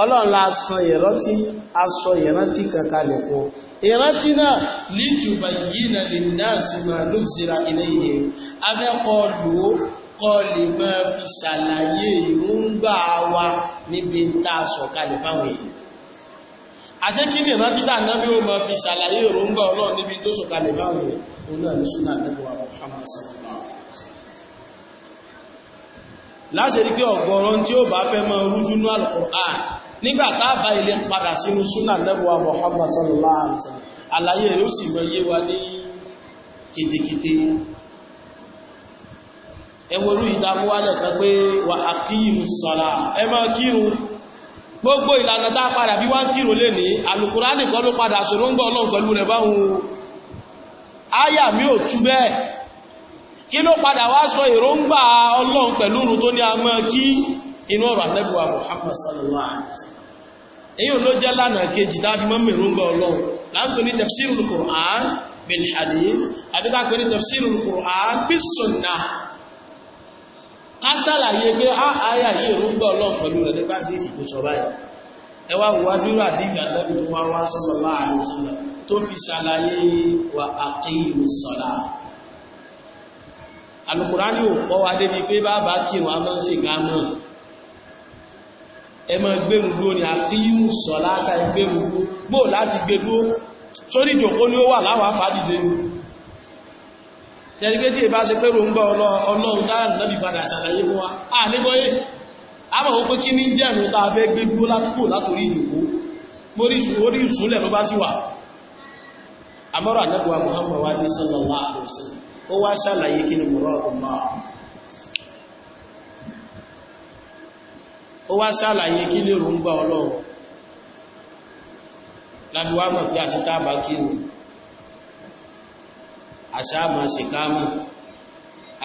ọlọ́run la sọ ìrántí asọ ìrántí kankalẹ̀ fún ìrántí náà lítùbà yìí na lè náà sí máa ló síra ilé ìyẹ afẹ́kọ́ lòó kọ́ lè máa fi ṣàlàyé ìrúngbà wa níbi tá a sọ kalẹ̀ fáwọn èyí ni ìrántí tá náà ó máa fi ṣàlàyé ìrúngbà ọlọ́run níbi tó sọ kalẹ̀ fáwọn èyí òun náà wa Muhammad sallallahu alaihi wasallam láṣẹ rí pé ọ̀gọ̀rọ̀ tí ó bá fẹ́ máa rújú ní al nígbà tá a bá ilé padà sínú súnà lẹ́wọ̀ Muhammad sallallahu alaihi wasallam àlàyé rẹ̀ ó sì mọ iye wa ní kìtìkìtì ẹwọ́rú ìdámúwálẹ̀ kan pé wà á kíyìmù sọ̀rà ẹ máa kírun gbogbo ìlànà tá a padà fi wá ń kírun ní Al-Kùránì inú ọ̀rọ̀ àtẹ́bùwà Muhammad sallallahu alaihi wasallam èyí ló jẹ́ lánàá kejì tàbí mọ́mìrúngbà ọlọ́run láńkò ní tafsirul Qur'an bil hadith àti káàkò ní tafsirul Qur'an bis sunnah ká sàlàyé pé àáyà yìí rúngbà ọlọ́run pẹ̀lú rẹ̀ nípa bí ìsìnkú sọ báyìí ẹwà wàdúrà dìgbà lẹ́bí tó wá wá sallallahu alaihi wasallam tó fi sàlàyé wà aqimus salah ẹ máa gbẹ̀rúgbó ni àkíyù sọ̀láta ẹgbẹ̀rúgbó gbò láti gbẹ̀gbó sórí ìjòkó ni ó wà láwà fàdìdé tẹ́lẹ̀gbé tí ìbá ṣe pẹ́rù ń gbọ́ ọlọ́run dáàrùn náà ìbádà ṣàlàyé fún wa a nígbọ́yé a mọ̀ wọ́n pé kí ní jẹ́ ìrùn tàà fẹ́ gbẹ̀gbó látòkò látòrí ìjòkó mórí ìṣúlẹ̀ ló bá sí wà àmọ́rọ̀ àdẹ́gbọ́ Muhammad wa ní sallallahu alaihi wasallam ó wá ṣàlàyé ó wá ṣàlàyé kí lè rúngbà ọlọ́run láti wá mọ̀ pé àṣíká bá kírù àṣáàmà ṣìkámà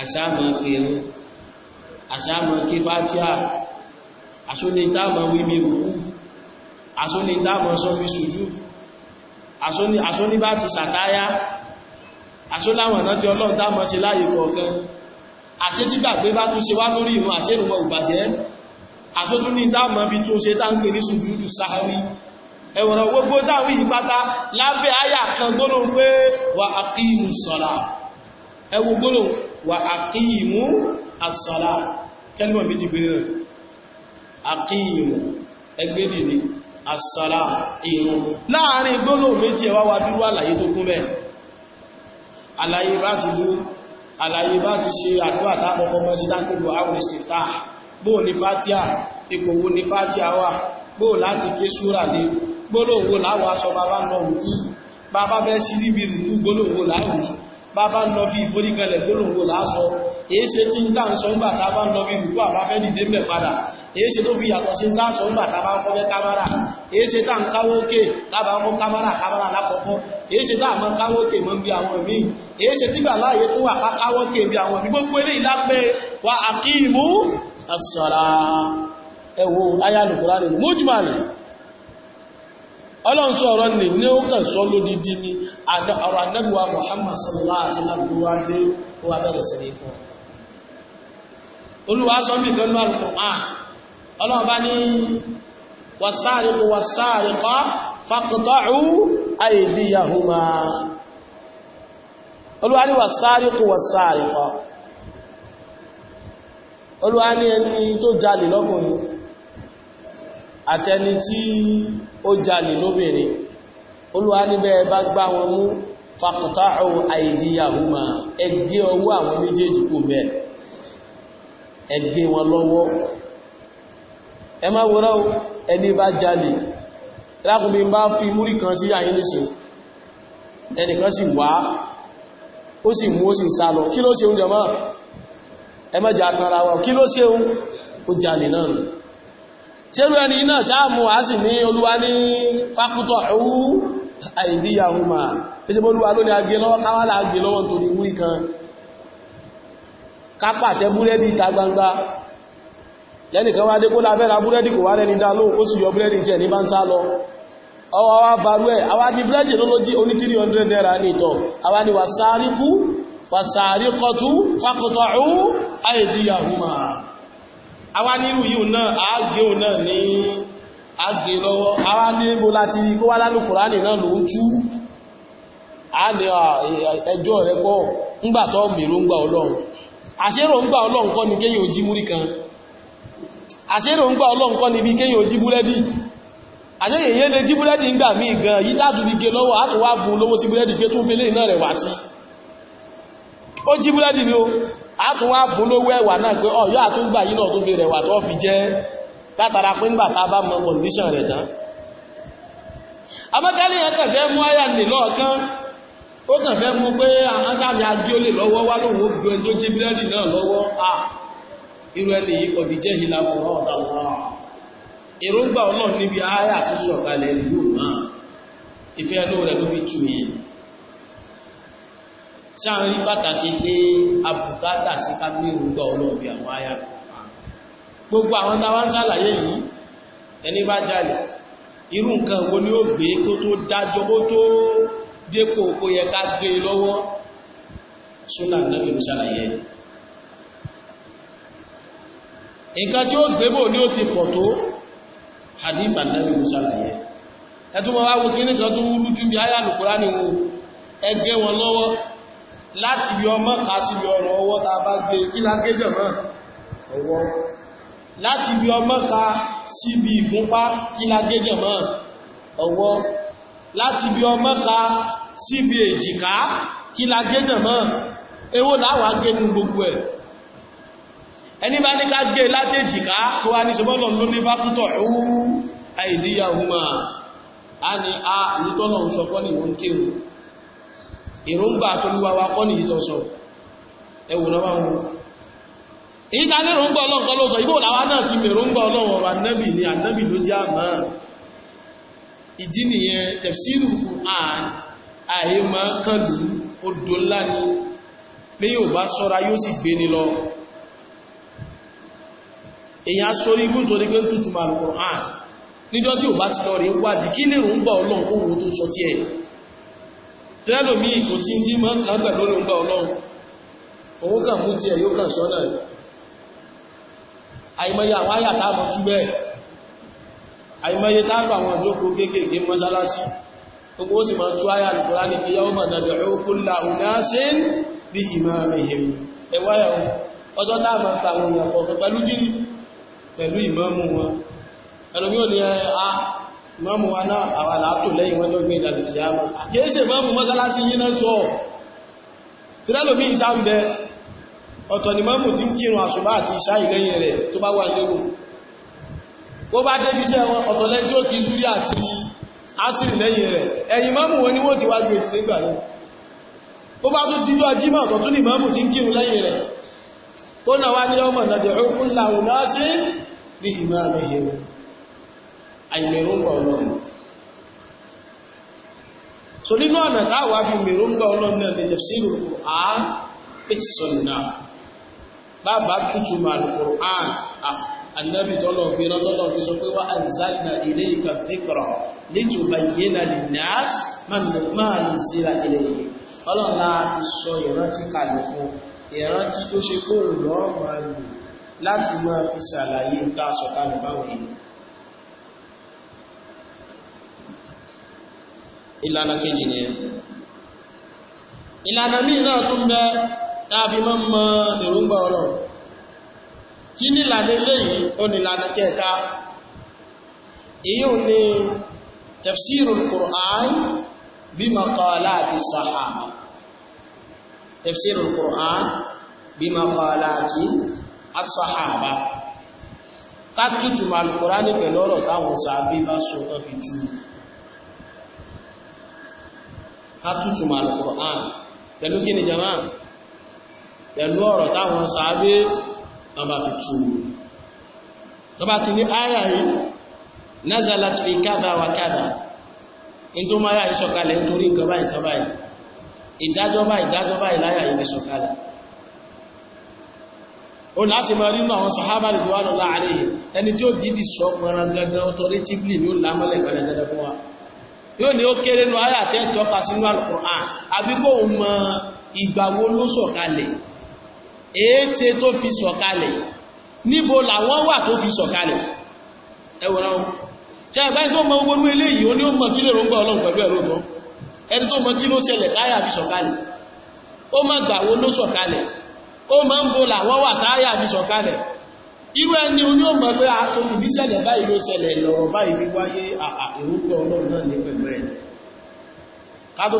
àṣáàmà pèrún àṣáàmà kí fátíà àṣónítàmà wíbi rúkú àṣónítàmà sọ́bí sùjú àṣóníbá ti sàtáyá àṣóláwọn náà tí ọlọ́run táàmà ṣe láyé kọ̀ọ̀kan àṣẹ́ tí gbàgbé bá tún ṣe wá lórí ìrún àṣẹ́ ìrùn ọgbàjẹ́ àsótún ní dáàmà bí tó ṣe táǹkè ní sùjúdù sáháwí ẹ̀wọ̀n gbogbo dáàwí ìpátá lábẹ́ àyà kan gbónà pé wà àkíyìmù sọ̀lá ẹwọ gbónà wà àkíyìmù àsọ̀lá kẹlùmọ̀ méjì gbé rẹ̀ àkíyìmù ẹgbẹ́dì ni àsọ̀lá ìrùn láàárín gbónà méjì ẹwà wà dúró àlàyé tó kún bẹ́ẹ̀ àlàyé bá ti ṣe àdúrà tápọ̀pọ̀ mọ́ sí dákùnlù àwọn ìsìtáà bóò ní fátíà ipò wo ní fátíà wà bóò láti ké súrà ní gbólóhùn wo láwọn aṣọ bàbá lọ rùkú bàbá bẹ́ sí ríbi rùkú gbólóhùn wo láwùn bàbá lọ fi ìforíkanlẹ̀ gbólóhùn wo láṣọ èéṣe tí ń tàn sọ ńgbà tá bá ń lọ bí rùkú àbáfẹ́ dìde mẹ́ padà èéṣe tó fi yàtọ̀ sí ń tàn sọ ńgbà tá bá ń kọ́fẹ́ kámárà èéṣe tá ń káwó òkè tábà ń kọ́ kámárà kámárà lákọ̀ọ́kọ́ èéṣe tá àmọ́ káwó mọ́ bí àwọn míì èéṣe tí gbà fún wà ká bí àwọn míì eléyìí lápẹ́ wa àkíìmú asọ́ra ẹwọ ayálùkúrá nínú mọ́júmàlì ọlọ́nsọ̀rọ̀ ní ní ó kàn sọ lódídí ní ọ̀rọ̀ anẹ́gbẹ̀wà Muhammad sallallahu alaihi wasallam wá dé ó wà bẹ̀rẹ̀ sí ní fún olúwa sọ olúwa ní ẹni tó jalè lọ́kùnrin àtẹni tí ó jalè lóbìnrin olúwa níbẹ̀ bá gbá wọn mú faqta'u aydiyahuma ẹgbẹ́ ọwọ́ àwọn méjèèjì kò bẹ̀ ẹgbẹ́ wọn lọ́wọ́ ẹ má wọ́rọ́ ẹni bá jalè lákùnbí bá fi múrí kan sí àyín nìsìn ẹnìkan sì wá ó sì mú ó sì sálọ kí ló ṣe oúnjẹ máa ẹ má jà tanra wọn kí ló ṣe ohun ó jalè náà nù ṣerú ẹni iná sáàmù a sì ní olúwa ní fákútọ̀ ẹwú àìdíyàwó ma ẹsẹ̀bọ́ olúwa ló ní agé lọ́wọ́ káwàlá agé lọ́wọ́ torí wúrí kan kápàtẹ búrẹ́dì ìta gbangba lẹ́nìkan wá dé kó lábẹ́ra búrẹ́dì kò wá rẹni dá lóhùn ó sì yọ búrẹ́dì ọwọ́ wá barú ẹ̀ àwá ní lọ́lọ́jí oní 300 naira ní ìtọ̀ àwá ni wà sáà níkú fàṣàríkọtú fàkọtọ̀ọ́ àìdíyàhúmà àwa nírú yíò náà àágbéò náà ní àgbé lọ́wọ́ àwa níbo láti rí kó wá lánú kùránì náà ló ń tú ẹjọ́ rẹ̀ pọ̀ ńgbàtọ́ mèròǹgbà ọlọ́run àṣéròǹgbà ọlọ́run kọ́ ni kéyìn ojí kan ni oji gan ó jí búrẹ́dì ni ó àtúnwá fún lówó ẹ̀wà náà pé ọ̀yọ́ àtúngbà yìí náà tó fi rẹwà tó fi jẹ́ látara pé bá mọ condition rẹ̀ tán amọ́kálẹ̀ yẹn kàn mú nì lọ́ọ̀kan ó kàn mú pé àwọn sáàmì agbíólè lọ́wọ́ wá lóhun ó gbé tó jí lọ́wọ́ à irú ẹni yìí ọ̀dà wọn èròǹgbà sáàrin pàtàkì pé abùkátà sí kábílì òrùgbà olóòbí àwọn ayá gbogbo àwọn tàwà ń sàlàyé yìí ẹni bá jalè irú nǹkan wo ni ó gbé kó tó dájọ́ kó tó dépò kó yẹ ká gbé e lọ́wọ́ súnà nàbì ló sàlàyé nǹkan tí ó gbé bò ní ó ti pọ̀ tó hadith nàbì ló sàlàyé ẹtùmọ̀ wá wo kí nìkan tó wúlú jù bí ayá lùkúrá ni wo ẹgbẹ́ wọn lọ́wọ́ láti bí ọmọ ká sí bí ọrùn ọwọ́ ta bá gbé kí lágéjọ̀ náà ọwọ́ láti bí ọmọ ká sí bí ìgúnpá kí lágéjọ̀ náà ọwọ́ láti bí ọmọ ká sí bí èjìká kí lágéjọ̀ náà ewó láwàá gé ní gbogbo ẹ̀ ẹni bá ní ká gé e látèjìká tó wá ní ṣebọ́lọ̀ ló ní fákútọ̀ ẹ̀wú àìdíyàwó máa a ni a ìdítọ́lọ̀ ń sọpọ́ ní kéwòó èròǹgbà àtolúwàwà kọ́ ní ìtọ̀sọ̀ ẹwù náà wọ́n èyí ta ní èròǹgbà ọlọ́nkọ́ ló sọ ibò làwá náà ti mèròǹgbà ọlọ́wọ̀n annabi ni annabi ló àyè odò èyàn sórí ibú tó pé tútù tí ò bá ti lọ rí wádìí kí ní tẹ́lò mí kò sí tí ma ń kàgbà lórí gbà ọlọ́run òun kà mú tí ẹ̀ yóò kà sọ́nà ẹ̀ àìmọye àwọn àyàtà àmọ́ tú bẹ́ẹ̀ àìmọye táàbà àwọn àjókòó kéèkéé mọ́sálásí gbogbo ó sì máa tú àyà lùkúrá ní kí yàwó màdà ò ní ẹ mọ́mù wa náà àwọn àlàátò lẹ́yìn wọn lọ́gbìn ìdàbì tí a mọ́ àkíyèsè mọ́mù mọ́sálásí yí náà sọ tìrẹ́lòmí ìsáǹbẹ̀ ọ̀tọ̀ ni mọ́mù tí ń kírun àṣùbá àti ìṣá ìlẹ́yìn rẹ̀ tó bá wà lérò ó bá dé bíṣẹ́ wọn ọ̀tọ̀ lẹ́jì ó kí zúrí àti asìrì lẹ́yìn rẹ̀ ẹ̀yìn mọ́mù wọn ni wọ́n àìmẹ̀rúngbà ọlọ́run so nínú ọ̀nà táwà fi mẹ̀rúngbà ọlọ́run náà lè tafsirul Qur'an ìsọ̀nà bàbá tútù màlùkùrù àn ànábì tọ́lọ̀ fi rọ́lọ́lọ́ ti sọ pé wa anzalna ilayka dhikra litubayyina linnas ma nuzila ilayhim ọlọ́run láti sọ ìrántí kalẹ̀ fún ìrántí tó ṣe kó lọ́ọ̀ máa lò láti máa fi ṣàlàyé ń ta sọ̀kalẹ̀ báwọn èèyàn ìlànà kejì ni ìlànà míì náà tún bẹ láàfin mọ́ mọ́ èròǹgbà ọlọ́run kí ní ìlànà eléyìí ó ní ìlànà kẹta èyí ò ní tafsirul Qur'an bí maqalati sahaba tafsirul Qur'an bí maqalati as-sahaba ká tútù ní pẹ̀lú ọ̀rọ̀ táwọn sàábí bá so kan kátùtùmọ̀ al-Qur'an pẹ̀lú kí ni jama pẹ̀lú ọ̀rọ̀ táwọn sàábé ọba fi túnú lọ́bá ti ní àyà yìí nazalat fi kádà wa kádà in tó máa yà ìṣọ̀kalẹ̀ nítorí nǹkan báyìí nǹkan báyìí ìdájọ́ báyìí ìdájọ́ báyìí láyà yìí ìṣọ̀kalẹ̀ ó láti mọ̀ nínú ni ó lámọ́lẹ̀ gangan fún wa yóò ní ó kéré nù ayà tẹ́ tọ́ka sínú alukur'an àbí kò mọ ìgbà wo ló sọ̀kalẹ̀ èéṣe tó fi sọ̀kalẹ̀ níbo làwọn wà tó fi sọ̀kalẹ̀ ẹwọ̀n náà ṣe àgbáyé tó mọ owó ní eléyìí ó ní ó mọ kí lè rògbà ọlọ́run pẹ̀lú ẹ̀rọ gan ẹni tó mọ kí ló ṣẹlẹ̀ táyà fi sọ̀kalẹ̀ ó mọ gbà wo ló sọ̀kalẹ̀ ó mọ ń bo làwọn wà táyà fi sọ̀kalẹ̀ irú ẹni oní ọmọ pé àtòkù bí ṣẹlẹ̀ báyìí ló ṣẹlẹ̀ lọ́rọ̀ báyìí bí wáyé àà èrúgbọ́ ọlọ́run náà ní pẹ̀lú ẹ̀ kátó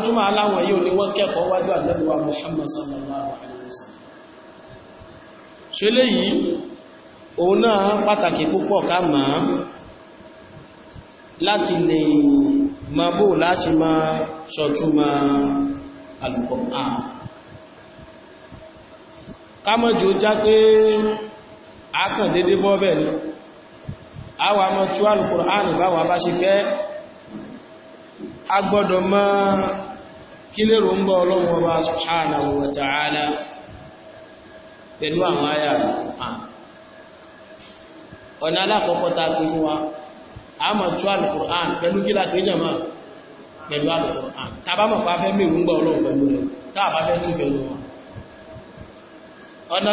Muhammad sallallahu alaihi wasallam ṣe léyìí òun náà pàtàkì púpọ̀ ká máa láti lè ma bó láti ma ṣọ̀túnmọ̀ Al-Qur'an ká mọ́jú já pé akàn dédé bọ́ọ̀bẹ̀ ni a wà mọ́ tí wà lùkùrù ánì bá bá ṣe fẹ́ mọ́ kí lérò ń bọ́ ọlọ́run ọba pẹ̀lú àwọn ta pẹ̀lú tàbámọ̀ pa fẹ́ gbọ́ rẹ̀ pẹ̀lú wọn ọ̀nà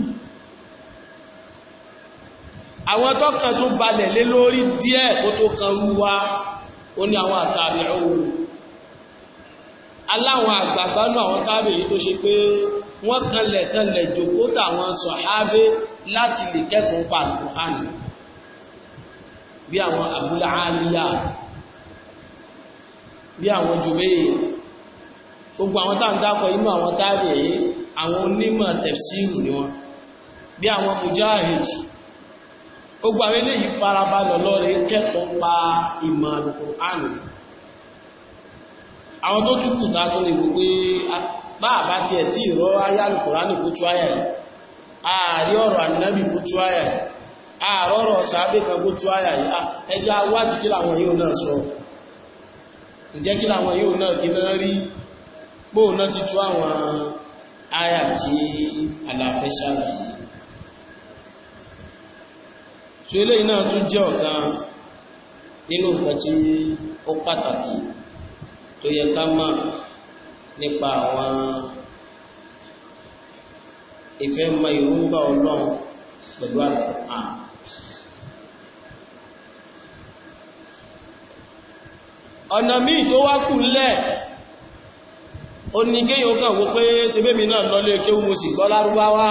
àwọn tọ́kàn tó balẹ̀ lé lórí díẹ̀ ó tó kan wá ó ní àwọn àtàrí ohun aláwọn àgbàgbà náà àwọn tábì yìí tó ṣe pé wọ́n kanlẹ̀ kanlẹ̀ jòkó tàwọn sọ̀hábé láti lè kẹ́kọ̀ọ́ pàlùkù àná bí àwọn àbúlá àríyá bí àwọn jùmẹ́yẹ gbogbo àwọn táwọn inú àwọn tábì yìí àwọn onímọ̀ tẹ̀fsíìrù ni wọ́n bí àwọn mujahid ogbà wẹ́lẹ̀ yìí farabalẹ̀ lọ́rẹ̀ kẹ́kọ̀ọ́ pa ìmọ̀ àlùkùránì àwọn tó túkù tá tún lè gbogbo báàbá ti ẹ̀ tí ìrọ ayá àlùkùránì kó a ayà ààrí ọ̀rọ̀ ànábì kó tú ayà ààrọ̀ ọ̀rọ̀ kó tú ayà ẹjọ́ sọ bóò náà ti àwọn so eléyìí náà tún jẹ́ ọ̀kan nínú nǹkan tí ó pàtàkì tó yẹ ká mọ̀ nípa àwọn ìfẹ́ mọ ìrúngbà ọlọ́run pẹ̀lú àlùkà ọ̀nà míì tó wá kù lẹ̀ ó ní kéyàn kàn wó pé ṣe bẹ́mi náà lọ lé kéwú mo sì gbọ́ lárúbáwá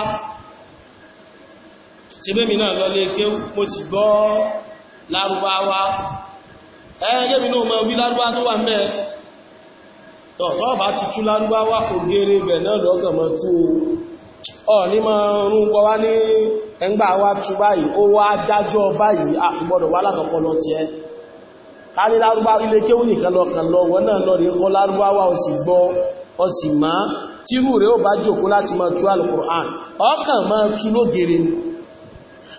ṣebémi náà lọ lé ké mo sì gbọ́ lárúbáwá ẹgbẹ́mi náà mọ̀ wí lárúbáwá tó wà mẹ́ tọ̀tọ́ bá ti tú lárúbáwá ògèrè ibẹ̀ náà lọ́gàn mọ́ tú ọ ní mọ́ rún gbọ́ wá ní ẹgbà wá tú báyìí ó wá dájọ́ báyìí àgbọ́dọ̀ wá látọ̀pọ̀ lọ ti ẹ ká ní lárúbáwá Al-Qur'an ọkàn máa tú lógèrè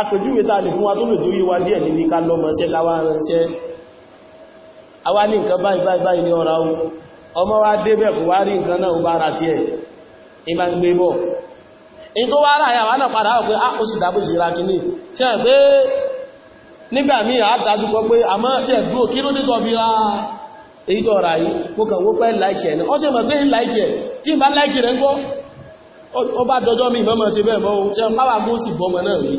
àpèjúwe ta lè fún wa tó lè torí wa díẹ̀ níbi ká lọ mọ̀ṣẹ́ láwá ránṣẹ́ awá ní nǹkan báyìí báyìí báyìí ní ọ̀rá ohun ọmọ wa débẹ̀ kò wá rí nǹkan náà bá ara tí ẹ̀ ìbá ń gbé bọ̀ in tó wá ráyà wá náà padà pé ah, ó sì dábò sí rákiní tí ẹ̀ pé nígbà míì àtàdúkọ pé àmọ́ tí ẹ̀ dúró kí ló nítọ́ fi ra èyí tó ra yìí mo kàn wó pẹ́ láìkì ẹ̀ ní ọ́ sì mọ̀ pé láìkì ẹ̀ tí ìbá láìkì rẹ̀ ń kọ́ ó bá dọjọ́ mi ìbọn mọ̀ sí bẹ́ẹ̀ mọ́ ohun tí ẹ̀ pàwàgó sì bọ́mọ náà yìí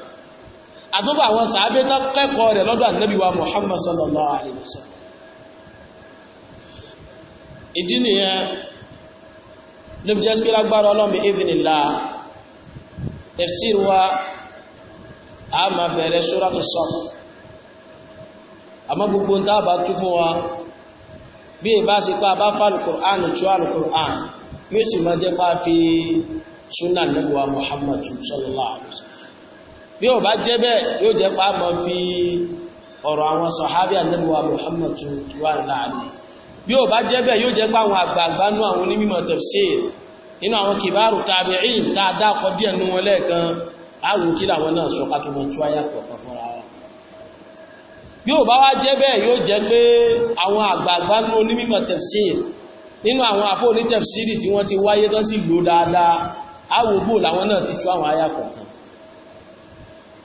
àtúbà àwọn sàábé tán kẹ́kọ̀ọ́ rẹ̀ lọ́dọ̀ ànábì wa Muhammad sallallahu alaihi wasallam ìdí nìyẹn ló fi jẹ́ sí pé lágbára ọlọ́mọ idhnillah tafsir wa a máa bẹ̀rẹ̀ suratu Saff àmọ́ gbogbo ń tábà tú fún wa bí ìbá sí pé bá fà al-Qur'an tú al-Qur'an mí sì máa jẹ́ pé fi sunnah ànábì wa sallallahu alaihi wasallam bí o bá jẹ́ bẹ́ẹ̀ yóò jẹ́ pa mọ́ fi ọ̀rọ̀ àwọn sọ̀hábí ànẹ́bùwà Muhammad wà láàrin bí o bá jẹ́ bẹ́ẹ̀ yóò jẹ́ pa àwọn àgbààgbà nú àwọn onímọ̀ tafsir nínú àwọn kìbáàrù tabi'in dáadáa kọ díẹ̀ nú wọn lẹ́ẹ̀kan àwọn kí làwọn náà sọ kátó mọ̀ tó ayá kọ̀ọ̀kan fúnra wọn bí o bá wá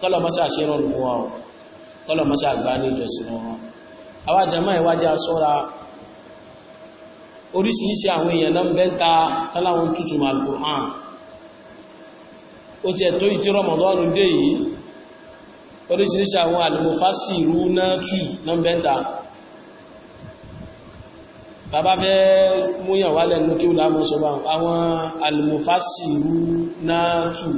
kọ́lọ̀ mọ́sá ṣe rọrùn fún wọn kọ́lọ̀ mọ́sá gbá ní ìjọsìn wọn àwọn àjàmọ́ ìwájá sọ́ra oríṣiríṣi àwọn èèyàn náà bẹ́ta tọ́láwọn tútù Al-Qur'an ó ti ẹ̀tọ́ ìtí rọmọdọ́nù dé yìí oríṣiríṣi àwọn àlùmọ̀fásìrú náà tù náà bẹ́ta bàbá fẹ́ múyàn wálẹ̀ ní kí ó lámọ́ sọ àwọn àlùmọ̀fásìrú náà tù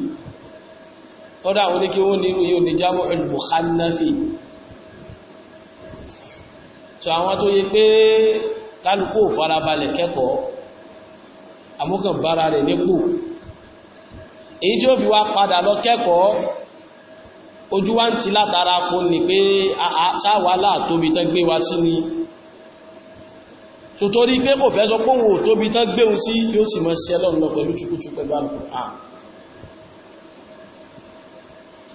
kọ́dá àwọn oníkí wọ́n ní yíò ní jámọ́ al-mukhannafi so àwọn tó yẹ pé kálukú farabalẹ̀ kẹ́kọ̀ọ́ amúkànbára rẹ̀ nípò èyí tí ó fi wá padà lọ kẹ́kọ̀ọ́ ojú wá ń ti látara fún ni pé sáwàlá tóbi tán gbé wa sí ni so torí pé kò fẹ́ sọ pé òun tóbi tán gbé òun sí yóò sì mọ́ sí ẹlọ́run lọ pẹ̀lú chukuchu pẹ̀lú àlùkò àà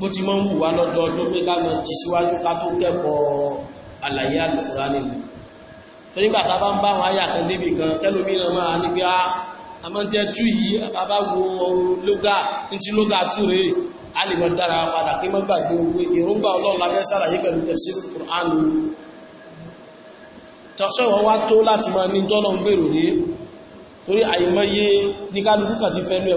bó ti mọ́ ń wù wá lọ́dọọdún pé káàmọ̀ ti síwájú ká tó kẹ́kọ̀ọ́ àlàyé àlùkùrá nìlú tó nígbà tá bá ń bá àwọn àyà kan débi kan tẹ́lómi náà máa ní pé ah, a máa ń jẹ́ tú yìí bàbá wo lóga ntí lóga tú rèé a lè mọ dára padà pé mọ́ ní ti fẹnu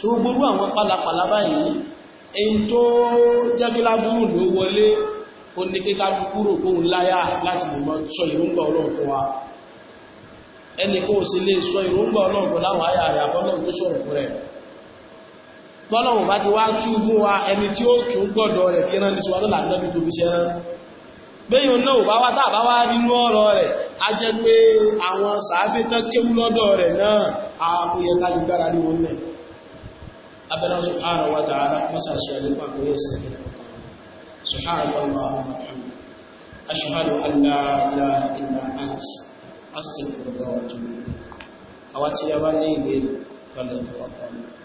tó gbórú àwọn pálapàla báyìí èyí tó jẹ́gílábúrú ló wọlé ó ní kíká kúrò kóhun láyà láti lè mọ́ sọ ìrúngbà ọlọ́run fún wa ẹni kó o sì lè sọ ìrúngbà ọlọ́run fún láwọn àyà àyà fọ́lọ́run tó sọ̀rọ̀ fún rẹ̀ bọ́lọ́run bá ti wá tú fún wa ẹni tí ó tún gbọ́dọ̀ a jẹ́ pé àwọn abẹ́rẹ́ subhanahu wa ta'ala mọ́sá ṣe àlékún àgbóyè sí ẹ̀rọ subhanahu wa ta'ala ashhadu an la ilaha illa ant astaghfiruka wa atubu ilayk àwọn